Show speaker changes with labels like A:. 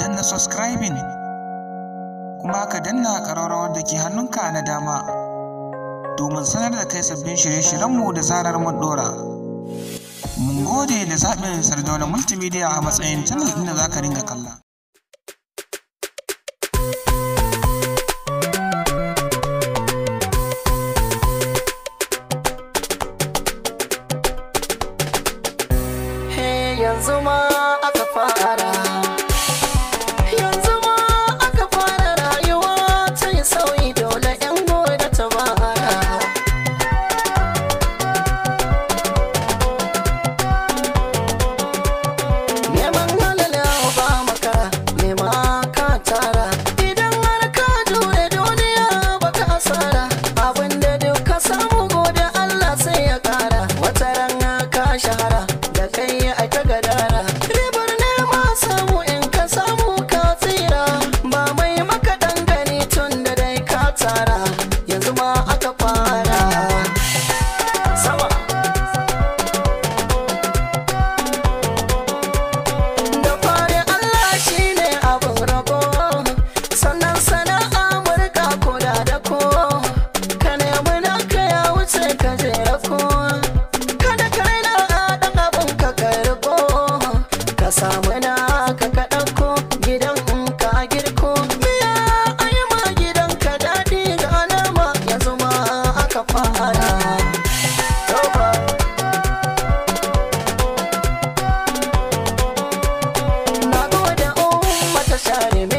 A: danna subscribing kuma ka danna ƙararrawar da ke hannunka na dama domin sanar da kai sabbin shirye-shiryenmu da zarar mun ɗora. Mun gode da zaɓin Sardauna Multimedia a matsayin channel ɗin da za ka ringa kalla. yanzu yanzu ma Na gode umma ta share